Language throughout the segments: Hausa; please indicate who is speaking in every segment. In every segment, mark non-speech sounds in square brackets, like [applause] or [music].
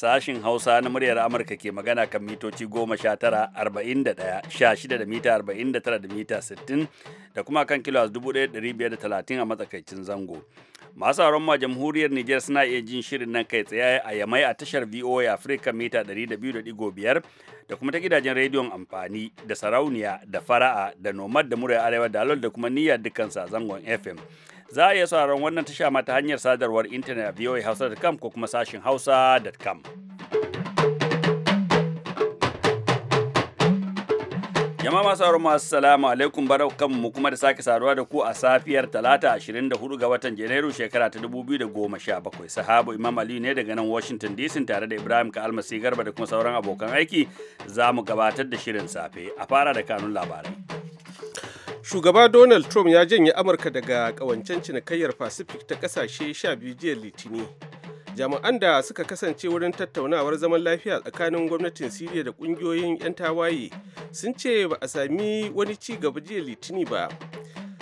Speaker 1: Sashin Hausa na muryar Amurka ke magana kan mitoci goma sha tara da mita arba'in da mita sittin da kuma kan kilo dubu a matsakaicin zango. Masu auren ma jamhuriyar niger suna iya jin shirin nan kai tsaye a yamai a tashar VOA Africa mita ɗari da da kuma ta gidajen rediyon amfani da sarauniya da fara'a da nomad da muryar arewa da alol da kuma niyyar dukkan sa zangon FM. za a iya sauraron wannan tasha ma ta hanyar sadarwar intanet a voahausa.com ko kuma sashin hausa.com. Jama'a masu sauraron masu salamu alaikum barkan mu kuma da sake saduwa da ku a safiyar talata 24 ga watan Janairu shekara ta 2017. Sahabo Imam Ali ne daga nan Washington DC tare da Ibrahim ka almasi garba da kuma sauran abokan aiki
Speaker 2: za mu gabatar da shirin safe a fara da kanun labarai. shugaba donald trump ya janye amurka daga kawancen cinikayyar pacific ta kasashe 12 jiya litini jami'an da suka kasance wurin tattaunawar zaman lafiya tsakanin gwamnatin siriya da kungiyoyin 'yan tawaye sun ce ba a sami wani ci gaba jiya litini ba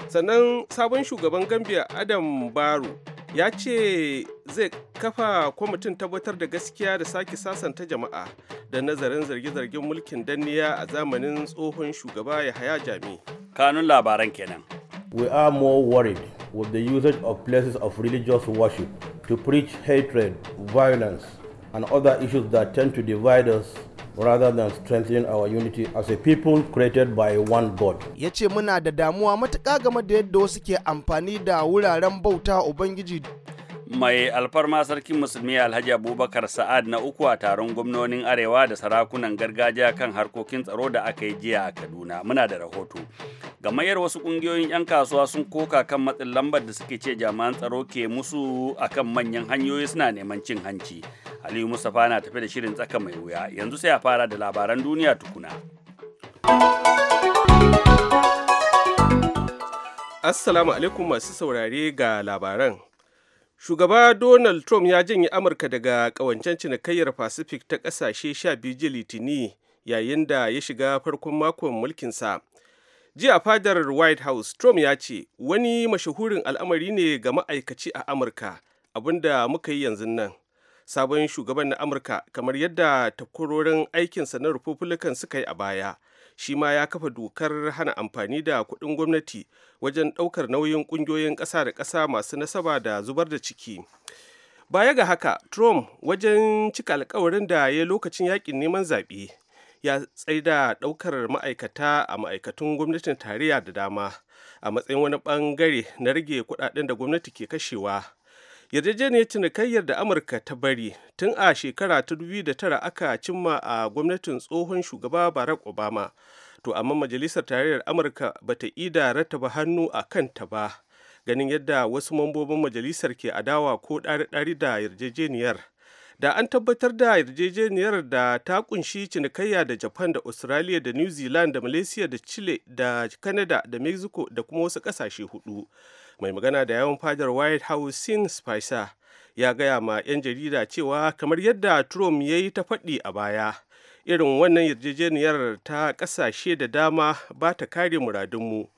Speaker 2: sannan sabon shugaban gambia adam baro ya ce zai kafa kwamitin tabbatar da gaskiya da sake sasanta jama'a da nazarin zarge-zargen mulkin danniya a zamanin tsohon shugaba ya haya jami kanun labaran kenan we are more worried with the usage of places of religious worship to preach hatred violence and other issues that tend to divide us rather than strengthening our unity as a people created by one God. Ya
Speaker 3: ce muna da damuwa matuƙa game da yadda wasu ke amfani da wuraren bauta Ubangiji
Speaker 1: mai alfarma sarkin musulmi alhaji abubakar sa'ad na uku a taron gwamnonin arewa da sarakunan gargajiya kan harkokin tsaro da aka yi jiya a kaduna muna da rahoto Ga mayar wasu kungiyoyin 'yan kasuwa sun koka kan matsin lambar da suke ce jami'an tsaro ke musu akan manyan hanyoyi suna neman cin hanci aliyu mustapha na tafi da shirin tsaka mai wuya yanzu sai a fara da
Speaker 2: labaran duniya tukuna assalamu alaikum masu saurare ga labaran shugaba donald trump ya janye amurka daga ƙawancen cinikayyar pacific ta ƙasashe sha biyu ji litini yayin da ya shiga farkon makon mulkinsa jiya fadar white house trump ya ce wani mashahurin al'amari ne ga ma'aikaci a amurka abinda muka yi yanzu nan sabon shugaban na amurka kamar yadda takwarorin aikinsa na republican suka yi a baya shi ma ya kafa dokar hana amfani da kuɗin gwamnati wajen ɗaukar nauyin ƙungiyoyin ƙasa da ƙasa masu nasaba da zubar da ciki baya ga haka trump wajen cika alkawarin da ya lokacin yakin neman zaɓe ya tsaida ɗaukar ma'aikata a ma'aikatun gwamnatin tarayya da dama a matsayin wani ɓangare na rage kuɗaɗen da gwamnati ke kashewa yarjejeniyar cinikayyar da amurka ta bari tun a shekara ta da tara aka cimma a gwamnatin tsohon shugaba barack obama to amma majalisar tarayyar amurka ba bata ida rattaba hannu a kanta ba ganin yadda wasu mambobin majalisar ke adawa ko ɗari-ɗari da yarjejeniyar da an tabbatar da yarjejeniyar da ta kunshi cinikayya da japan da australia da new zealand da malaysia da chile da canada da mexico da kuma wasu ƙasashe hudu mai magana da yawan fadar white house sin spicer ya gaya ma 'yan jarida cewa kamar yadda trump ya yi ta faɗi a baya irin wannan yarjejeniyar ta ƙasashe da dama ba ta kare muradunmu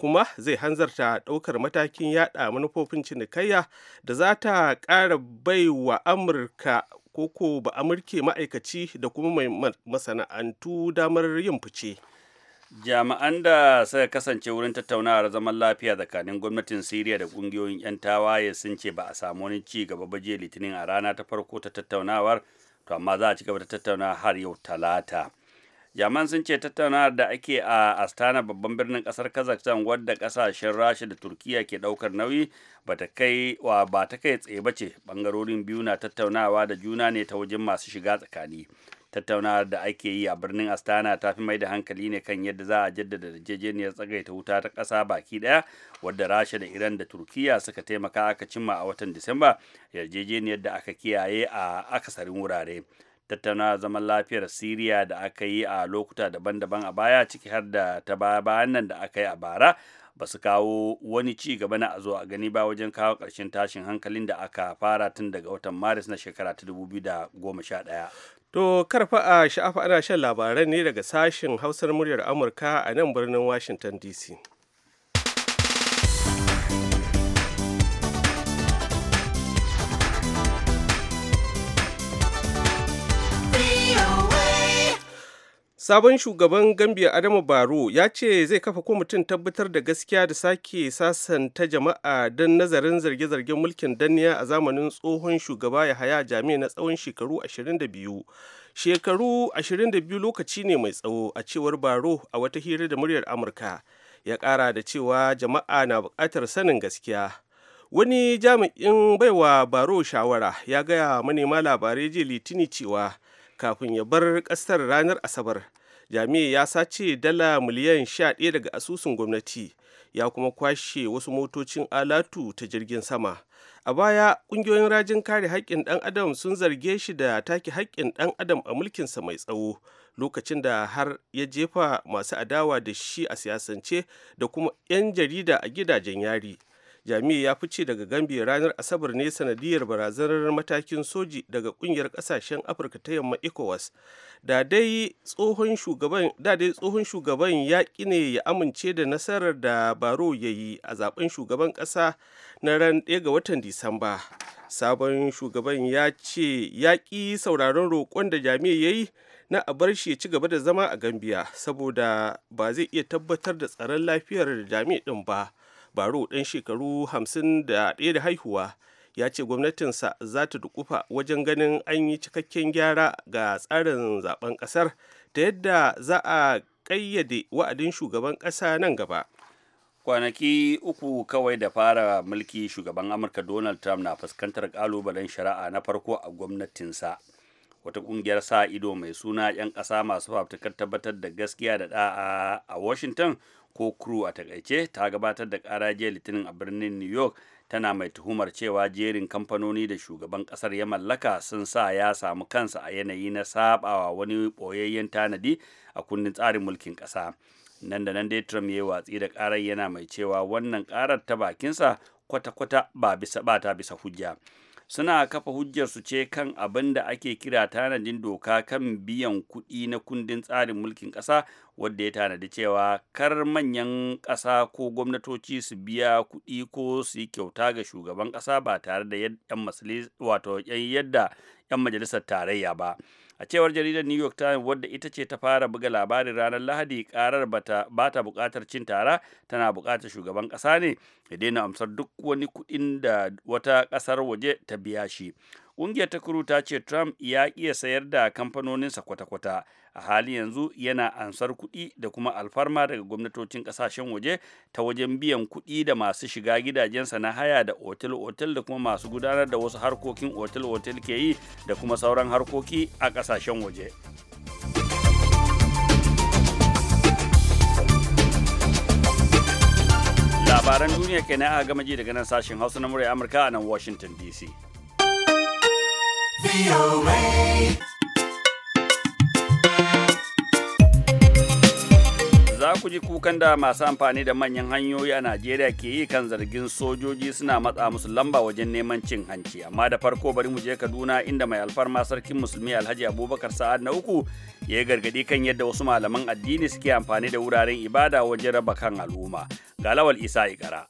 Speaker 2: kuma zai hanzarta ɗaukar matakin yada manufofin cinikayya da za ta ƙara bai wa amurka koko ba amurke ma'aikaci da kuma mai masana'antu damar yin fice.
Speaker 1: jami'an da suka kasance wurin tattaunawar zaman lafiya tsakanin gwamnatin siriya da kungiyoyin 'yan tawaye sun ce ba a samu wani ci gaba ba jiya litinin a rana ta farko ta tattaunawar to amma za a ci gaba da tattaunawa har yau talata jami'an sun ce tattaunawar da ake a astana babban birnin kasar kazakhstan wadda kasashen rasha da turkiya ke daukar nauyi ba ta kai tsaye ba ce bangarorin biyu na tattaunawa da juna ne ta wajen masu shiga tsakani tattaunawar da ake yi a birnin astana ta fi mai da hankali ne kan yadda za a jaddada yarjejeniyar tsagaita wuta ta ƙasa baki ɗaya wadda rasha da iran da turkiya suka taimaka aka cimma a watan disamba yarjejeniyar da aka kiyaye a akasarin wurare tattauna zaman lafiyar siriya da aka yi a lokuta daban-daban a baya ciki har da ta bayan nan da aka yi a bara ba su kawo wani ci gaba na a zo a gani ba wajen kawo ƙarshen tashin hankalin da aka fara tun daga watan maris na shekara ta 2011
Speaker 2: To karfa a sha'afa ana shan labaran ne daga sashen hausar muryar Amurka a nan birnin Washington DC. sabon shugaban gambia adamu baro ya ce zai kafa kwamitin tabbatar da gaskiya da sake sasanta jama'a don nazarin zarge-zargen mulkin danniya a zamanin tsohon shugaba ya haya jami'a na tsawon shekaru 22 shekaru 22 lokaci ne mai tsawo a cewar baro a wata hira da muryar amurka ya kara da cewa jama'a na buƙatar sanin gaskiya wani jami'in baiwa baro shawara ya gaya manema labarai jiya litini cewa kafin ya bar ƙasar ranar asabar jami'i ya sace dala miliyan 11 daga asusun gwamnati ya kuma kwashe wasu motocin alatu ta jirgin sama a baya kungiyoyin rajin kare haƙƙin ɗan adam sun zarge shi da take haƙƙin ɗan adam a mulkinsa mai tsawo lokacin da har ya jefa masu adawa da shi a siyasance da kuma 'yan jarida a gidajen yari jamiu ya fice daga gambia ranar asabar ne sanadiyar barazanar matakin soji daga kungiyar kasashen afirka ta yamma ecowas da dai tsohon shugaban ya ne ya amince da nasarar da baro ya yi a zaben shugaban kasa na ran 1 ga watan disamba sabon shugaban ya ce ya ƙi sauraron roƙon da jami'i ya yi na a bar shi ya ci gaba da zama a gambia saboda ba zai iya tabbatar da tsaron lafiyar jami'i din ba baro ɗan shekaru 51 da haihuwa ya ce gwamnatinsa za ta dukufa wajen ganin an yi cikakken gyara ga tsarin zaben ƙasar ta yadda za a ƙayyade wa'adin shugaban ƙasa nan gaba
Speaker 1: kwanaki uku kawai da fara mulki shugaban amurka donald trump na fuskantar kalubalen shari'a na farko a gwamnatinsa wata kungiyar sa ido mai suna 'yan ƙasa masu fafutukar tabbatar da gaskiya da da'a a washington ko crew a takaice ta gabatar da ƙara jiya litinin a birnin new york tana mai tuhumar cewa jerin kamfanoni da shugaban ƙasar ya mallaka sun sa ya samu kansa a yanayi na sabawa wani ɓoyayyen tanadi a kundin tsarin mulkin ƙasa nan da nan dai trump ya yi watsi da ƙarar yana mai cewa wannan ƙarar ta bakinsa kwata-kwata ba bisa bata bisa hujja suna kafa hujjarsu ce kan abin da ake kira tanadin doka kan biyan kuɗi na kundin tsarin mulkin ƙasa wadda ya tanadi cewa kar manyan ƙasa ko gwamnatoci su biya kuɗi ko su yi kyauta ga shugaban ƙasa ba tare da yan wato yadda yan majalisar tarayya ba a cewar jaridar new york times wadda ita ce ta fara buga labarin ranar lahadi karar ba ta bukatar cin tara tana bukatar shugaban ƙasa ne ya daina amsar duk wani kuɗin da wata ƙasar waje ta biya shi Ƙungiyar ta kuru ta ce Trump ya iya sayar da kamfanoninsa kwata-kwata a hali yanzu yana ansar kuɗi da kuma alfarma daga gwamnatocin ƙasashen waje ta wajen biyan kuɗi da masu shiga gidajensa na haya da otel-otel da kuma masu gudanar da wasu harkokin otel-otel ke yi da kuma sauran harkoki a ƙasashen waje. Labaran duniya kenan a gama ji daga nan sashen Hausa na murya Amurka a nan Washington DC. Za ku ji kukan da masu amfani da manyan hanyoyi a Najeriya ke yi kan zargin sojoji suna matsa musu lamba wajen neman cin hanci. Amma da farko bari mu je Kaduna inda mai alfarma sarkin musulmi Alhaji Abubakar Sa'ad na uku ya yi gargadi kan yadda wasu malaman addini suke amfani da wuraren ibada wajen raba kan al'umma. Ga lawal Isa Ikara.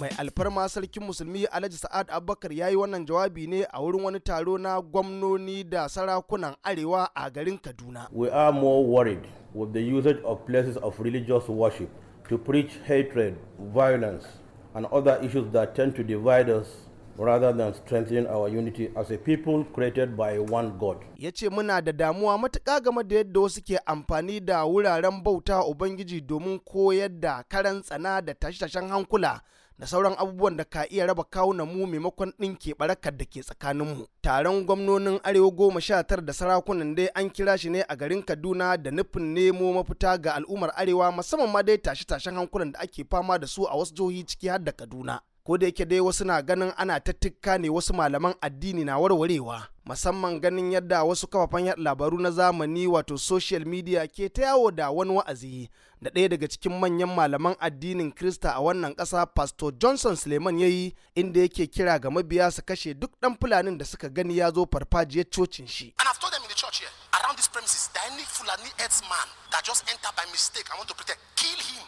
Speaker 3: mai alfarma sarkin musulmi alhaji sa'ad abubakar ya yi wannan jawabi ne a wurin wani taro na gwamnoni da sarakunan arewa a garin kaduna
Speaker 2: we are more worried with the usage of places of religious worship to preach hatred violence and other issues that tend to divide us rather than strengthening our unity as a people created by one God.
Speaker 3: yace muna da damuwa matuƙa game da yadda wasu ke amfani da wuraren bauta Ubangiji domin koyar da karantsana da tashe-tashen hankula da sauran abubuwan da ka iya raba kawunan mu maimakon ɗin ke ɓarakar da ke tsakaninmu. Taron gwamnonin Arewa goma sha tara da sarakunan dai an kira shi ne a garin Kaduna da nufin nemo mafita ga al'ummar Arewa musamman ma dai tashe-tashen hankulan da ake fama da su a wasu jihohi ciki har da Kaduna. ko da yake dai wasu na ganin ana tattika ne wasu malaman addini na warwarewa musamman ganin yadda wasu kafafan yaɗa labaru na zamani wato social media ke ta yawo da wani wa'azi da ɗaya daga cikin manyan malaman addinin krista a wannan ƙasa pastor johnson suleiman ya yi inda yake kira ga mabiya su kashe duk ɗan fulanin da suka gani ya zo farfajiyar cocin shi
Speaker 4: church here around premises that
Speaker 3: fulani that just by mistake i kill him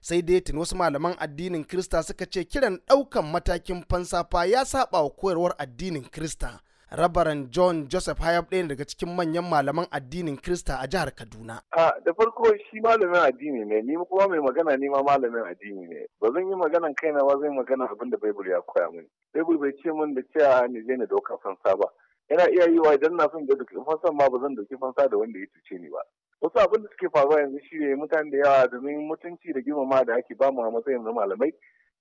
Speaker 3: sai dai tun wasu malaman addinin krista suka ce kiran ɗaukan matakin fansafa ya saba wa koyarwar addinin krista rabaran john joseph hayab ɗaya daga cikin manyan malaman addinin krista a jihar kaduna
Speaker 5: a da farko shi malamin addini ne ni kuma mai magana ne ma malamin addini ne ba zan yi maganan kaina ba zan yi magana abin da bible ya koya mini bible bai ce min da cewa ni zai na dauka fansa ba yana iya yi wa idan na son da fansa ma ba zan dauki fansa da wanda ya cuce ni ba wasu abin da suke faruwa yanzu shi ne mutane da yawa domin mutunci da girmama da ake mu a matsayin na malamai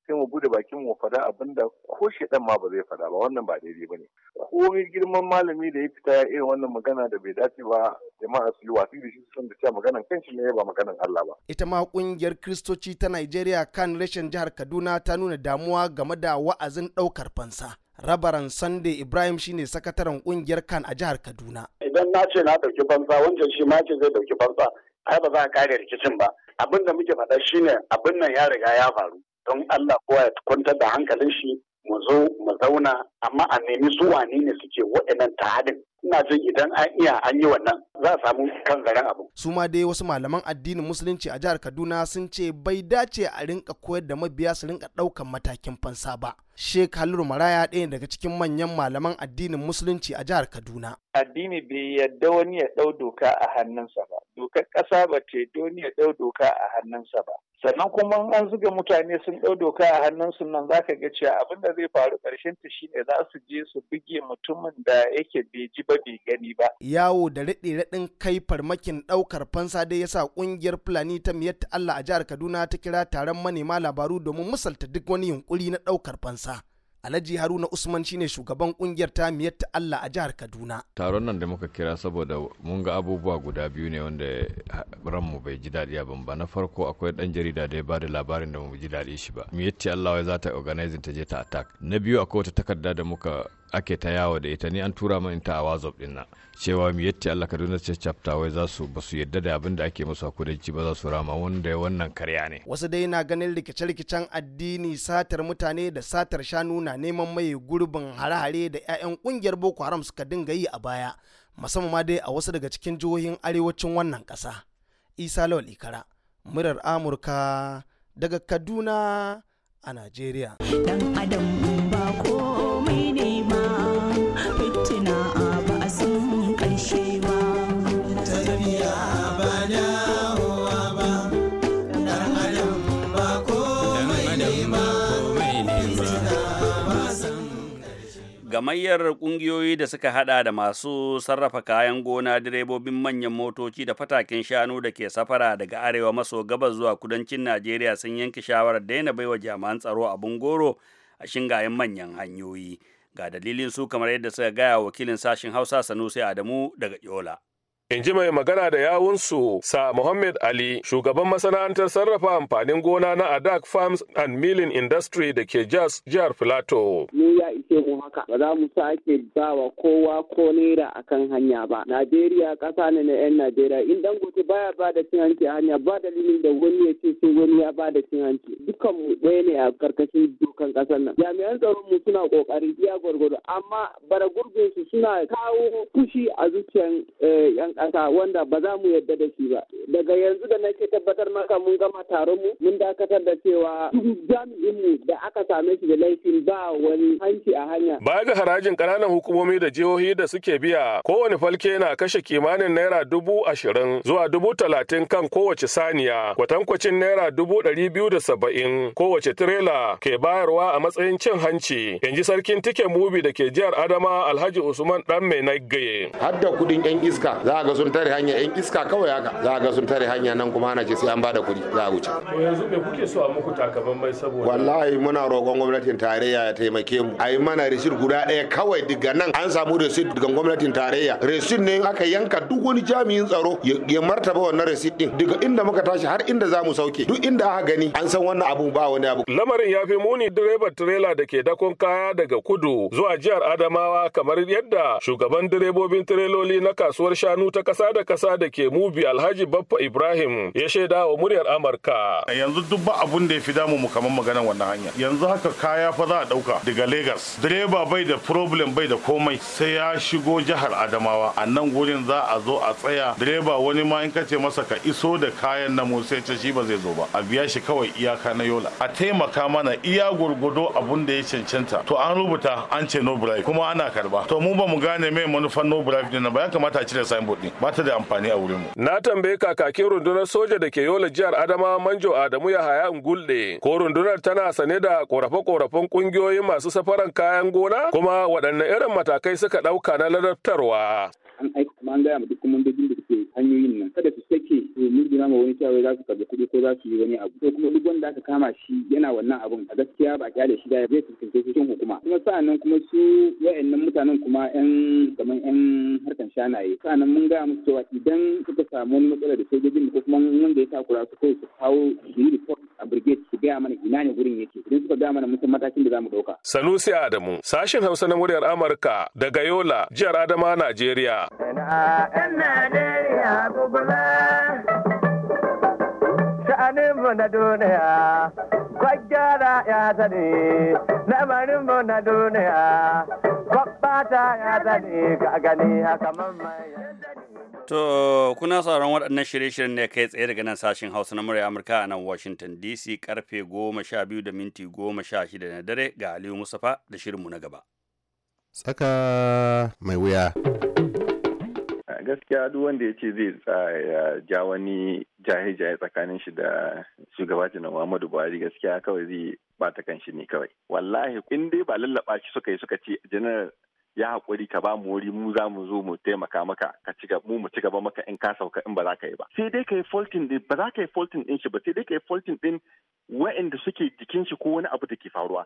Speaker 5: sai mu bude bakin mu fada abin da ko shaidan ma ba zai fada ba wannan ba daidai ba ne komai girman malami da ya fita ya irin wannan magana da bai dace ba jama'a su yi watsi da shi sun da cewa maganan kanshi ne ba maganan Allah ba
Speaker 3: ita ma kungiyar kristoci ta Najeriya kan rashin jihar Kaduna ta nuna damuwa game da wa'azin daukar fansa rabaran sunday ibrahim shine sakataren kungiyar kan a jihar kaduna
Speaker 5: idan na ce na dauki banza wancan shi ma ce zai dauki banza ai ba za a kare rikicin ba abin da muke faɗa shine abin nan ya riga ya faru don allah kowa ya kwantar da hankalin shi mu zo mu zauna amma a nemi su wane ne suke waɗannan ta'adin ina jin idan an iya an yi wannan za a samu kan
Speaker 3: abu. su dai wasu malaman addinin musulunci a jihar kaduna sun ce bai dace a rinka koyar da mabiya su rinka ɗaukan matakin fansa ba. Sheikh Halilu Maraya ɗaya daga cikin manyan malaman addinin Musulunci a jihar Kaduna.
Speaker 5: Addini bai yadda wani ya ɗau doka a hannunsa ba. Dokar ƙasa ba ce doni ya ɗau doka a hannunsa ba. Sannan kuma an zuga mutane sun ɗau doka a hannunsu nan za ka ga cewa abin da zai faru ƙarshen ta shine za su je su
Speaker 6: buge mutumin da yake bai ba bai gani ba.
Speaker 3: Yawo da raɗe raɗin kai farmakin ɗaukar fansa dai yasa ƙungiyar Fulani ta miyar Allah a jihar Kaduna ta kira taron manema labaru domin misalta duk wani yunkuri na ɗaukar fansa. Alhaji Haruna Usman shine shugaban kungiyar ta miyar ta Allah a jihar Kaduna.
Speaker 5: Taron nan da muka kira saboda mun ga abubuwa guda biyu ne wanda ranmu bai ji daɗi ban ba. Na farko akwai ɗan jarida da ya ba da labarin da mu ji daɗi shi ba. Miyar ta Allah wai za ta organizing ta je ta attack. Na biyu akwai wata takarda da muka ake ta yawo da ita ni an tura min ta a wazop din na cewa mu yatti Allah Kaduna ce chapter wai za su ba su yarda da abin da ake musu a kudanci ba za su rama wanda ya wannan karya ne
Speaker 3: wasu dai na ganin rikice-rikicen addini satar mutane da satar shanu na neman mai gurbin hare-hare da 'ya'yan kungiyar Boko Haram suka dinga yi a baya musamman ma dai a wasu daga cikin jihohin arewacin wannan kasa Isa Lawal Ikara murar Amurka daga Kaduna a Najeriya dan adam ba kowa
Speaker 1: gamayyar ƙungiyoyi da suka hada da masu sarrafa kayan gona direbobin manyan motoci da fataken shanu da ke safara daga arewa maso gabas zuwa kudancin najeriya sun yanke shawarar daina baiwa jami'an tsaro abin goro a shingayen manyan hanyoyi ga dalilin su kamar yadda suka gaya wakilin sashen hausa sanusi adamu daga yola
Speaker 4: in ji mai magana da yawunsu sa Muhammad Ali shugaban masana'antar sarrafa amfanin gona na Adak Farms and Milling Industry da ke Jos jihar Filato.
Speaker 5: Ni ya ishe mu haka ba za mu sake bawa kowa ko naira akan hanya ba. Najeriya ƙasa ne na 'yan Najeriya in dangote baya ba da cin hanci a hanya ba dalilin da wani ya ce sai wani ya ba da cin hanci. Dukan mu ɗaya ne a karkashin dokan ƙasar nan. Jami'an tsaron mu suna ƙoƙarin iya gwargwado amma bara gurbinsu suna kawo fushi a zuciyan 'yan eh, ƙasa wanda ba za mu yadda da shi ba daga yanzu da nake tabbatar maka mun gama taron mu mun dakatar da cewa [laughs] jami'in mu da aka same shi da laifin ba wani hanci a hanya baya ga harajin
Speaker 4: ƙananan hukumomi da jihohi da suke biya kowane falke na kashe kimanin naira dubu ashirin zuwa dubu talatin kan kowace saniya kwatankwacin naira dubu ɗari biyu da saba'in kowace tirela ke bayarwa a matsayin cin hanci in ji sarkin tike mubi da ke jihar adama alhaji usman dan mai na har da kuɗin yan iska za ga sun tare hanya yan iska kawai haka za ga sun tare hanya nan kuma ana ce sai an bada kuɗi za a wuce yanzu me kuke so a muku takaban mai saboda wallahi muna roƙon gwamnatin tarayya ya taimake mu ayi mana risit guda ɗaya kawai daga nan an samu risit daga gwamnatin tarayya risit ne aka yanka duk wani jami'in tsaro ya martaba wannan risit din daga inda muka tashi har inda za mu sauke duk inda aka gani an san wannan abu ba wani abu lamarin ya fi muni direban tirela da ke dakon kaya daga kudu zuwa jihar adamawa kamar yadda shugaban direbobin tireloli na kasuwar shanu wata kasa da kasa da ke mubi Alhaji Baffa Ibrahim ya shaida wa muryar Amurka. Yanzu duk ba abun da ya fi damu mu kamar maganar wannan hanya. Yanzu haka kaya fa za a ɗauka. daga Lagos. Direba bai da problem bai da komai sai ya shigo jihar Adamawa. A nan gurin za a zo a tsaya direba wani ma in ka ce masa ka iso da kayan na mu sai ce shi ba zai zo ba. A biya shi kawai iyaka na Yola. A taimaka mana iya gurgudo abun da ya cancanta. To an rubuta an ce no kuma ana karba. To mu ba mu gane mai manufan no bribe ba ya kamata a cire signboard ba ta da amfani a wurin Na tambaye kakakin rundunar soja da ke yola jihar Adama Manjo Adamu Yahaya Ngulde ko rundunar tana sane da korafe-korafen ƙungiyoyin masu safaran kayan gona kuma waɗanne irin matakai suka ɗauka na ladabtarwa.
Speaker 5: An aiki kuma an gaya ma duk kumandojin da ke hanyoyin nan kada su sake su eh, murgina ma wani cewa za su karɓi kuɗi ko za su yi wani abu. To kuma duk wanda aka kama shi yana wannan abun a gaskiya ba kyale shi da zai fuskanci cikin hukuma. Kuma sa'annan kuma su wa'annan mutanen kuma 'yan kamar 'yan harkan shanaye. Sa'annan mun ga gaya musu cewa idan suka samu wani matsala da sojojin ko kuma wanda ya takura su kawai su kawo su yi report a brigade su gaya mana ina ne gurin yake idan suka gaya mana mutum matakin da zamu dauka.
Speaker 4: Sanusi Adamu sashen Hausa na muryar Amurka daga Yola jihar Adama Najeriya.
Speaker 5: Sha'aninmu na duniya, kwaggara ya zane, lamarinmu na duniya, ya zane, ga gani haka mamaye.
Speaker 1: To kuna sauran waɗannan shirye-shiryen ne kai tsaye daga nan sashen Hausa na murya Amurka a nan Washington DC karfe goma sha biyu da minti goma sha shida na dare ga Aliyu Mustapha da shirinmu na gaba.
Speaker 7: Tsaka mai wuya.
Speaker 6: Gaskiya duk wanda ya ce zai ja wani jahe-jahe tsakanin shi da shugaba na Muhammadu Buhari gaskiya kawai zai bata kan shi ne kawai. Wallahi in dai ba lallaba shi suka yi suka ce janar ya haƙuri ka ba mu wuri mu za mu zo mu taimaka maka ka ci mu mu ci gaba maka in ka sauka in ba za ka yi ba sai dai ka yi faultin din ba za ka yi faultin din shi ba sai dai ka yi faultin din wa'anda suke jikin shi ko wani abu da ke faruwa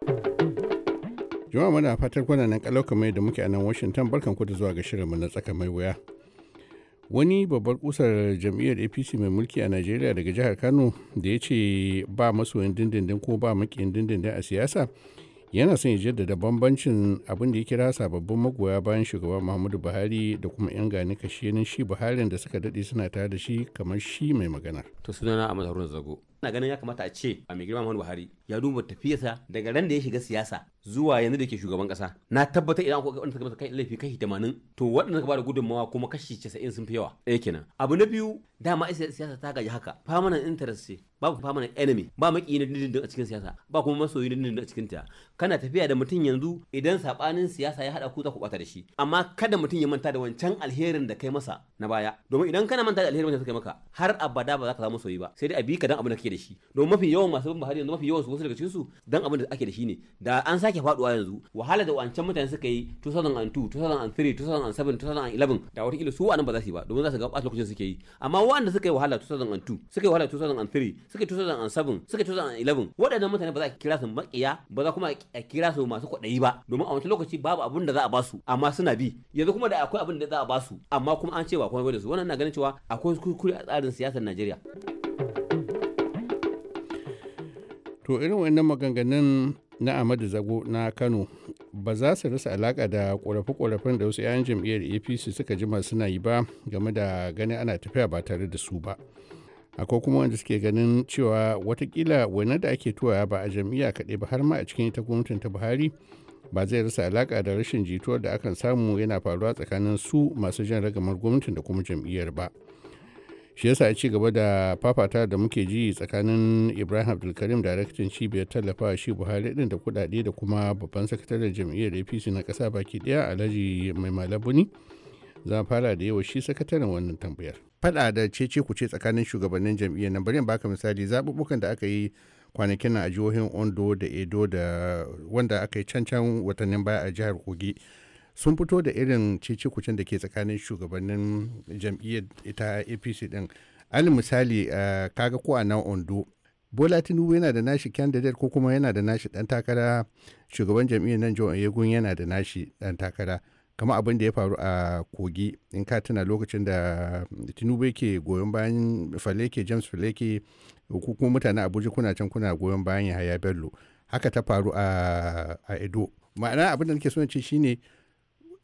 Speaker 7: jama'a muna fatar kuna nan kalauka mai da muke a nan Washington barkan ku da zuwa ga shirinmu na tsaka mai wuya wani babbar kusar jam'iyyar apc mai mulki a najeriya daga jihar kano da ya ce ba masoyin dindindin ko ba makiyin dindindin a siyasa yana son ya jaddada bambancin abin da ya kira sababbin magoya bayan shugaba muhammadu buhari da kuma yan gani kashenin shi buharin da suka daɗe suna tare da shi kamar shi mai magana
Speaker 8: to sunana ahmad haruna zago ina ganin ya kamata a ce a mai girma Muhammadu Buhari ya duba tafiyarsa daga ran da ya shiga siyasa zuwa yanzu da ke shugaban kasa na tabbatar idan akwai wanda suka masa kai laifi kashi 80 to waɗanda ba bada gudunmawa kuma kashi 90 sun fi yawa ɗaya kenan abu na biyu dama isa siyasa ta gaji haka permanent interest ce babu permanent enemy ba maki na dindindin a cikin siyasa ba kuma masoyi na dindindin a cikin ta kana tafiya da mutum yanzu idan sabanin siyasa ya hada ku za ku bata da shi amma kada mutum ya manta da wancan alherin da kai masa na baya domin idan kana manta da alherin da kai maka har abada ba za ka samu masoyi ba sai dai a bi ka dan abu da kake da shi don mafi yawan masu bin Buhari yanzu mafi yawan su wasu daga cikinsu su dan abin da ake da shi ne da an sake faduwa yanzu wahala da wancan mutane suka yi 2002 2003 2007 2011 da wata kila su anan ba za su yi ba domin za su ga ɓata lokacin suke yi amma waɗanda suka yi wahala 2002 suka yi wahala 2003 suka yi 2007 suka yi 2011 waɗannan mutane ba za a kira su maƙiya ba za kuma a kira su masu kwaɗayi ba domin a wancan lokaci babu abin da za a ba su amma suna bi yanzu kuma da akwai abin da za a ba su amma kuma an ce ba kuma da su wannan na ganin cewa akwai kuskure a tsarin siyasar Najeriya.
Speaker 7: to irin wannan maganganun na amadu zago na kano ba za su rasa alaka da ƙorafe-ƙorafen da wasu 'yan jam'iyyar apc suka jima suna yi ba game da ganin ana tafiya ba tare da su ba akwai kuma wanda suke ganin cewa watakila wani da ake tuwa ba a jam'iyya kaɗai ba har ma a cikin ita gwamnatin ta buhari ba zai rasa alaka da rashin jituwar da akan samu yana faruwa tsakanin su masu jan ragamar gwamnatin da kuma jam'iyyar ba shi yasa ci gaba da fafata da muke ji tsakanin ibrahim abdulkarim daraktan cibiyar tallafa shi buhari din da kudade da kuma babban sakataren jam'iyyar apc na kasa baki daya alhaji mai malabuni za a fara da yawa shi sakataren wannan tambayar fada da cece ku ce tsakanin shugabannin jam'iyyar nan bari in baka misali zaɓuɓɓukan da aka yi kwanakin a jihohin ondo da edo da wanda aka yi cancan watannin baya a jihar kogi sun fito da irin cece kucin da ke tsakanin shugabannin jam'iyyar ita apc din alin misali eh, kaga ko a nan ondo bola tinubu yana da nashi candidate ko kuma yana da nashi dan takara shugaban jam'iyyar nan john yegun yana da nashi dan takara kamar abin da ya faru a kogi in ka tuna lokacin da tinubu yake goyon bayan faleke james faleke ko mutane abuja kuna can kuna goyon bayan yahaya bello haka ta faru a edo ma'ana abin da nake son ce shine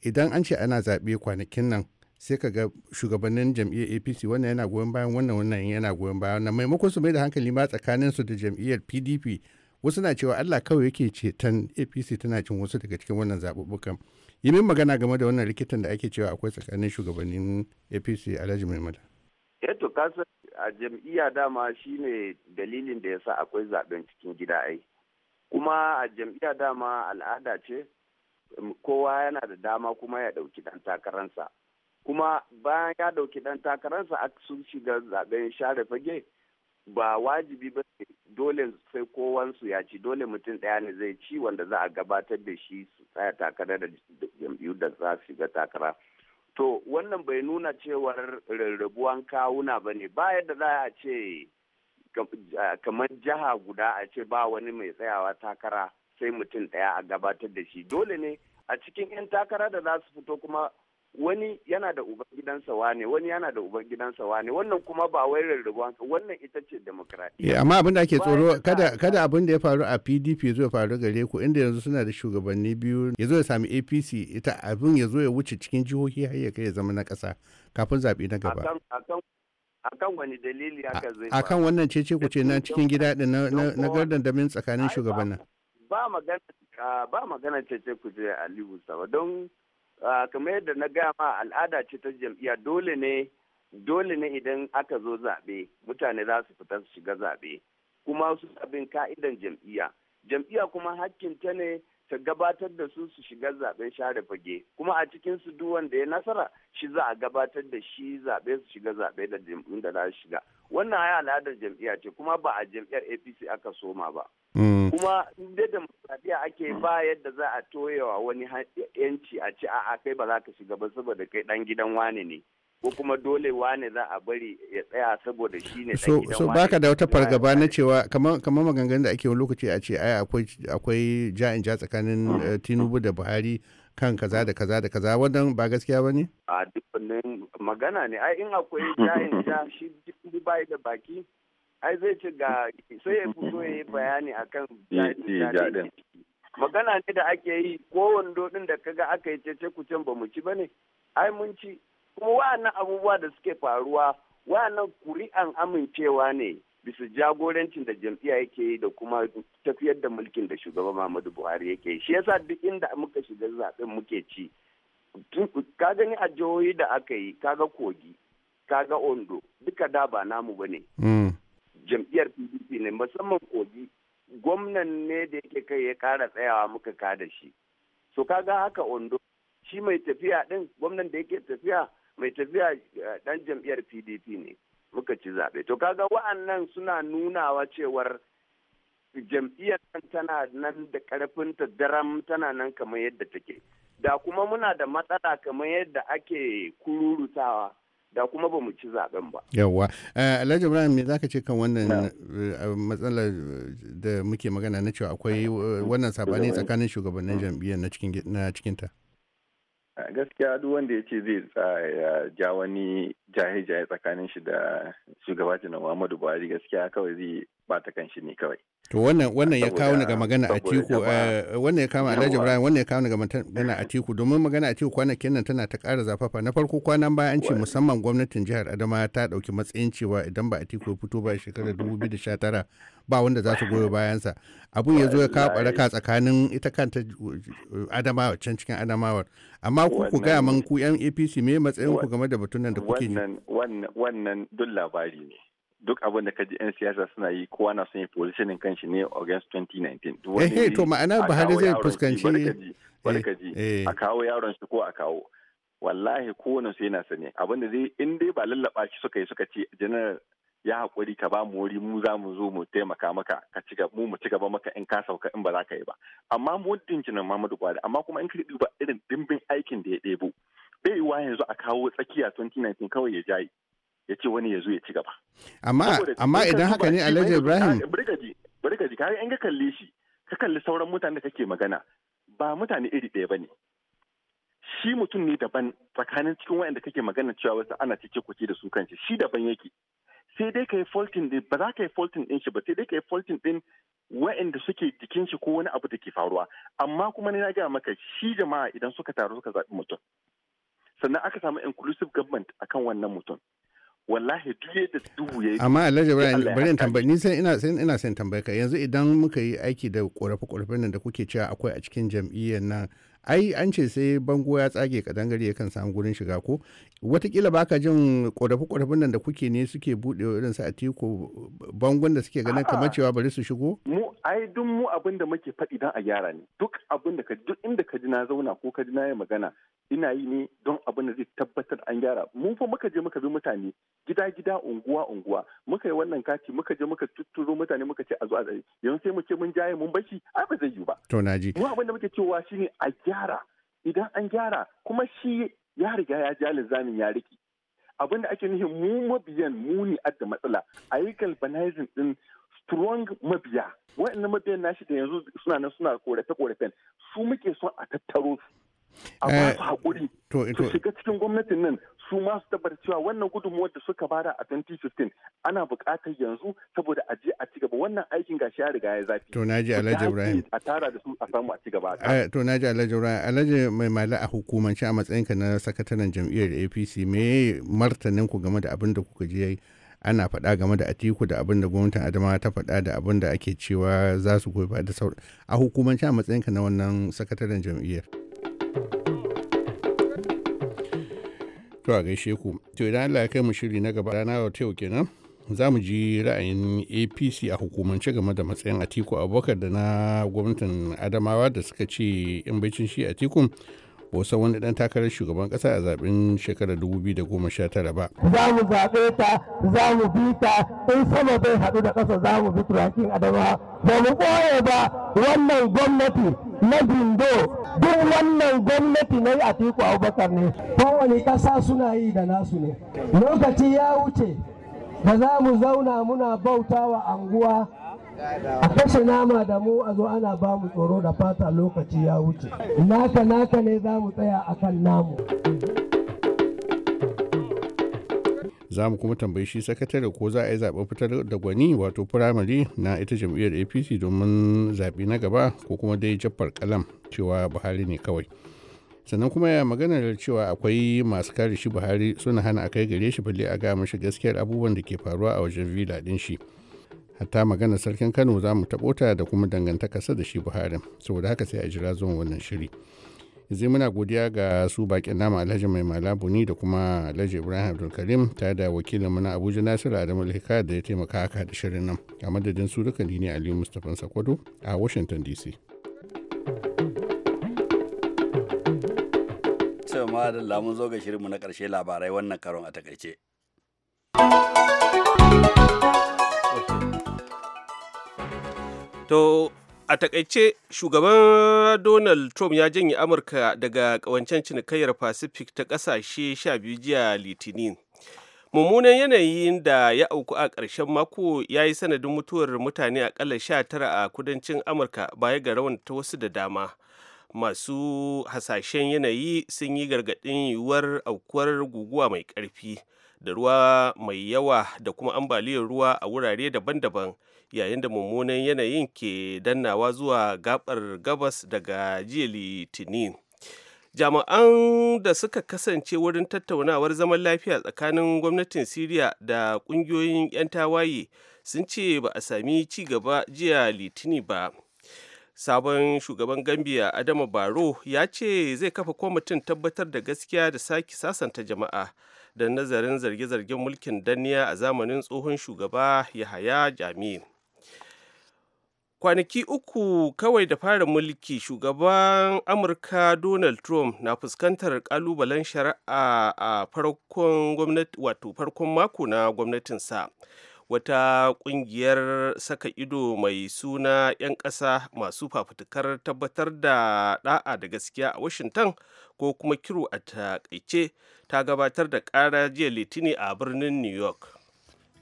Speaker 7: idan an ce ana zaɓe kwanakin nan sai ka ga shugabannin jam'iyyar apc wannan yana goyon bayan wannan wannan yana goyon bayan wannan maimakon su mai da hankali ma tsakanin su da jam'iyyar pdp wasu na cewa allah kawai yake ceton apc tana cin wasu daga cikin wannan zaɓuɓɓukan yi min magana game da wannan rikitan da ake cewa akwai tsakanin shugabannin apc alhaji maimada
Speaker 5: eto eh kasa a jam'iyya dama shine dalilin da ya sa akwai zaɓen cikin gida ai kuma a jam'iyya dama al'ada ce kowa yana da dama kuma ya ɗauki ɗan takararsa kuma bayan ya ɗauki ɗan takararsa a sun shiga zaɓen share fage ba wajibi ba dole sai kowansu ya ci dole mutum ɗaya ne zai ci wanda za a gabatar da shi su tsaya takara da jam'iyyu da za su shiga takara to wannan bai nuna cewar rarrabuwan kawuna ba ne ba yadda za a ce kamar jiha guda a ce ba wani mai tsayawa takara sai mutum ɗaya a gabatar da shi dole ne a cikin 'yan takara da za su fito kuma wani yana da uban gidansa wane wani yana da uban gidansa wane wannan kuma ba wai rarrabuwan wannan ita ce demokradiyya eh, amma abin da ake tsoro
Speaker 7: kada kada abin da ya faru a PDP zo ya faru gare ku inda yanzu suna da shugabanni biyu ya zo ya sami APC ita abin ya zo ya wuce cikin jihohi har ya kai ya zama na ƙasa kafin zaɓe na gaba
Speaker 5: akan wani dalili haka zai akan wannan ce ku ce na cikin gida na
Speaker 7: gardan damin tsakanin shugabannin
Speaker 5: ba magana ba magana ce ce ku je Aliyu Sawa don kamar yadda na gaya ma al'ada ce ta jam'iyya dole ne dole ne idan aka zo zaɓe mutane za su fita su shiga zaɓe kuma su abin ka'idan jam'iyya jam'iyya kuma hakkin ta ne ta gabatar da su su shiga zaɓen share fage kuma a cikin su duk wanda ya nasara shi za a gabatar da shi zaɓe su shiga zaɓe da jam'iyyar da za su shiga wannan ya al'adar jam'iyya ce kuma ba a jam'iyyar apc aka soma ba Mm. kuma da demokradiyya ake ba yadda za a toyewa wani yanci a ci a'a kai ba za ka shiga ba saboda kai dan gidan wane ne ko kuma dole wane za a bari ya tsaya saboda shi ne so, so baka da wata fargaba na
Speaker 7: cewa kamar maganganun da ake wani lokaci a ce ai akwai ja'in ja tsakanin hmm. eh, tinubu da buhari kan kaza da kaza da kaza wannan ba gaskiya ba ne?
Speaker 5: a dukkanin magana ne ai in akwai ja'in ja shi tinubu bai da baki ai zai ci ga sai ya fito ya yi bayani akan
Speaker 6: daɗin
Speaker 5: magana ne da ake yi ko wando din da kaga aka yi cece kucin ba mu ci ba ne? ai mun ci kuma wa'annan abubuwa da suke faruwa wa'annan kuri'an amincewa ne bisa jagorancin da jam'iyya yake yi da kuma tafiyar da mulkin da Shugaba Muhammadu Buhari yake yi shi yasa duk inda muka shiga zaben muke ci ka gani a jihohi da aka yi kaga kogi kaga ondo duka da ba namu bane mm. jam'iyyar pdp ne musamman kogi gwamnan ne da yake kai ya kara tsayawa muka ka da shi so kaga haka ondo shi mai tafiya din gwamnan da yake tafiya mai tafiya dan eh, jam'iyyar pdp ne muka ci zaɓe to kaga wa'annan suna nunawa cewar jam'iyyar tana nan da ta daram tana nan kamar yadda take da kuma muna da matsala kamar yadda ake kururutawa da kuma ba mu ci zaben ba.
Speaker 4: Yawwa,
Speaker 7: eh, Alhaji Ibrahim me zaka ce kan wannan eh, eh, matsalar da muke magana na cewa akwai wannan sabani tsakanin shugabannin jam'iyyar na cikin ta?
Speaker 6: Gaskiya duk wanda ya ce zai ja wani jahe-jahe tsakanin shi da shugaba Muhammadu Buhari gaskiya kawai zai bata kan shi ne kawai.
Speaker 7: to wannan wannan ya kawo daga magana a tiku eh, wannan ya kama alhaji ibrahim wannan ya kawo daga magana a tiku domin magana a tiku kwanakin nan tana ta ƙara zafafa na farko kwanan bayan an ce musamman gwamnatin jihar adama ta ɗauki matsayin cewa idan ba a tiku ya fito ba shekarar 2019 ba wanda za su goyo bayansa abun ya zo ya kawo ɓaraka tsakanin ita kanta uh, adamawa can cikin adamawar amma ku ku gaya man ku yan apc me matsayin ku game da batun nan da kuke
Speaker 6: wannan wannan duk labari ne duk abin da kaji 'yan siyasa suna yi kowa na son yi positioning kan shi ne against 2019 eh, eh to ma'ana buhari zai fuskanci kaji eh, eh. a kawo yaron shi ko a kawo wallahi kowane su yana sani abin da zai in dai ba lallaba shi suka yi suka ce janar ya haƙuri ka ba mu wuri mu za mu zo mu taimaka maka ka ci mu mu ci gaba maka in ka sauka in ba za ka yi ba amma muddin jinan Muhammadu Buhari amma kuma in ka ba irin dimbin aikin da ya ɗebo bai yi yanzu a kawo tsakiya 2019 kawai ya jayi ya ce wani ya zo ya ci gaba.
Speaker 7: Amma idan haka ne Alhaji Ibrahim.
Speaker 6: Bari ka ji in ka kalle shi ka kalli sauran mutane da kake magana ba mutane iri ɗaya ba ne. Shi mutum ne daban tsakanin cikin wayanda kake magana cewa wasu ana cike kuce da su kanshi. shi daban yake. Sai dai ka yi faultin din ba za ka yi faultin din shi ba sai dai ka yi faultin din waɗanda suke jikin shi ko wani abu da ke faruwa amma kuma ne na gaya maka shi jama'a idan suka taru suka zaɓi mutum sannan aka samu inclusive government akan wannan mutum wallahi duk yadda duhu yayi amma Alhaji Ibrahim bari in tambayi
Speaker 7: ni sai ina sai ina son tambaye ka yanzu idan muka yi aiki da ƙorafe-ƙorafe nan da kuke cewa akwai a cikin jam'iyyar nan ai an ce sai bango ya tsage kadangare ya kan samu gurin shiga ko watakila baka jin ƙorafe-ƙorafe nan da kuke ne suke bude irin su Atiku bangon da suke ganin kamar cewa bari su shigo
Speaker 6: mu ai duk mu abin da muke faɗi dan a gyara ne duk abin da ka duk inda ka ji na zauna ko ka ji na yi magana ina yi ne don abin da zai tabbatar an gyara mun fa muka je muka bi mutane gida gida unguwa unguwa muka yi wannan kati muka je muka tutturo mutane muka ce a zuwa a yanzu sai mu ce mun jaye mun bashi ai ba zai yi ba to naji mu abin da muke cewa shine a gyara idan an gyara kuma shi ya riga ya ja lizamin ya riki abin da ake nufin mu mabiyan mu ne adda matsala a yi galvanizing din strong mabiya waɗannan mabiyan nashi da yanzu suna nan suna korafe korafen su muke son a tattaro su a eh, ba hakuri
Speaker 7: haƙuri su shiga
Speaker 6: cikin gwamnatin nan su ma su tabbata cewa wannan gudunmuwar da suka bada a 2015 ana buƙatar yanzu saboda a je a ci gaba wannan aikin gashi ya riga ya zafi to naji alhaji ibrahim
Speaker 7: a tara da su a samu a ci gaba eh, to naji alhaji ibrahim alhaji mai mala a hukumance a matsayinka na sakataren jam'iyyar apc me martanin ku game da abin da kuka je yayi ana faɗa game da atiku da abin da gwamnatin adama ta faɗa da abin da ake cewa za su goyi da sauran a hukumance a matsayinka na wannan sakataren jam'iyyar. To a gaishe ku. To idan Allah ya kai mu shiri na gaba rana wa yau kenan. Za mu ji ra'ayin APC a hukumance game da matsayin Atiku Abubakar da na gwamnatin Adamawa da suka ce in bacin shi Atiku Wasu wani dan takarar shugaban kasa a zaben shekarar 2019 ba.
Speaker 3: Za mu zaɓe ta, za mu bi ta, in sama bai haɗu da ƙasa za mu bi turakin adama. Ba mu ɓoye ba wannan gwamnati na bindo duk wannan gwamnati na Atiku Abubakar ne. Kowane ƙasa suna yi da nasu ne. Lokaci ya wuce ba za mu zauna muna bauta wa anguwa a kashe nama da mu a zo ana ba mu tsoro da fata lokaci ya wuce naka naka ne za mu tsaya akan namu
Speaker 7: za mu kuma tambayi shi sakatare ko za a yi zaɓen fitar da gwani wato firamare na ita jam'iyyar apc domin zaɓi na gaba ko kuma dai jaffar kalam cewa buhari ne kawai sannan kuma ya maganar cewa akwai masu kare shi buhari suna hana a kai gare shi balle a ga mashi gaskiyar abubuwan da ke faruwa a wajen vila din shi hatta magana sarkin kano za mu taɓo ta da kuma dangantakarsa da shi buharin saboda haka sai a jira zuwan wannan shiri zai muna godiya ga su bakin nama alhaji mai malabu ni da kuma alhaji ibrahim abdulkarim tare da wakilin muna abuja nasiru adamu alhika da ya taimaka haka da shirin nan a madadin su duka ne aliyu mustapha sakwado a washington dc
Speaker 1: cewa da lamun zo ga shirinmu na karshe labarai wannan karon a takaice.
Speaker 2: to a takaice shugaban donald trump ya janye amurka daga kawancen cinikayyar pacific ta kasashe biyu jiya litinin mummunan yanayin da ya auku a ƙarshen mako ya yi sanadin mutuwar mutane akalla 19 a kudancin amurka baya ga rawan ta wasu da dama masu hasashen yanayi sun yi gargaɗin yiwuwar aukuwar guguwa mai ƙarfi da ruwa mai yawa da kuma ambaliyar ruwa a wurare daban-daban yayin da mummunan yanayin ke dannawa zuwa gabar gabas daga jiya litinin jami'an da suka kasance wurin tattaunawar zaman lafiya tsakanin gwamnatin siriya da ƙungiyoyin 'yan tawaye sun ce ba a sami ci gaba jiya litini ba sabon shugaban gambia adama baro ya ce zai kafa kwamitin tabbatar da gaskiya da sake sasanta jama'a da nazarin zarge-zargen mulkin danniya a zamanin tsohon shugaba yahaya jami kwanaki uku kawai da fara mulki shugaban amurka donald trump na fuskantar kalubalen shari'a a farkon mako na gwamnatinsa wata kungiyar saka ido mai suna 'yan ƙasa masu fafutukar tabbatar da ɗa'a da gaskiya a washington ko kuma kiro a takaice ta gabatar da ƙara jiya litini a birnin new york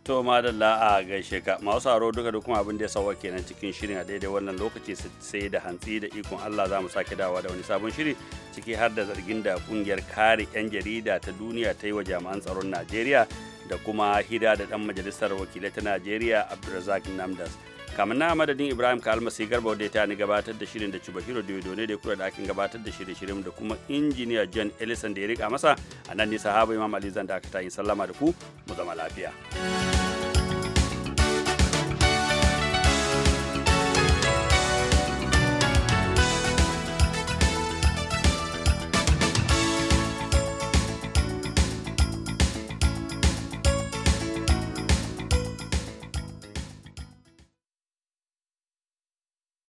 Speaker 1: to madalla a gaishe ka masu tsaro duka da kuma abin da ya sauwa kenan cikin shirin a daidai wannan lokaci sai da hantsi da ikon Allah za mu sake dawa da wani sabon shiri ciki har da zargin da kungiyar kare 'yan jarida ta duniya ta yi wa jami'an tsaron Najeriya da kuma hida da dan majalisar wakilai ta najeriya abdulrazak namdas kamar na madadin ibrahim kalmasi garba da ta ni gabatar da shirin da cibahiro diodo ne da kura da akin gabatar da shirye shirin da kuma injiniya john ellison da ya rika masa a nan nisa habu imam ali zan da aka sallama da ku mu zama lafiya.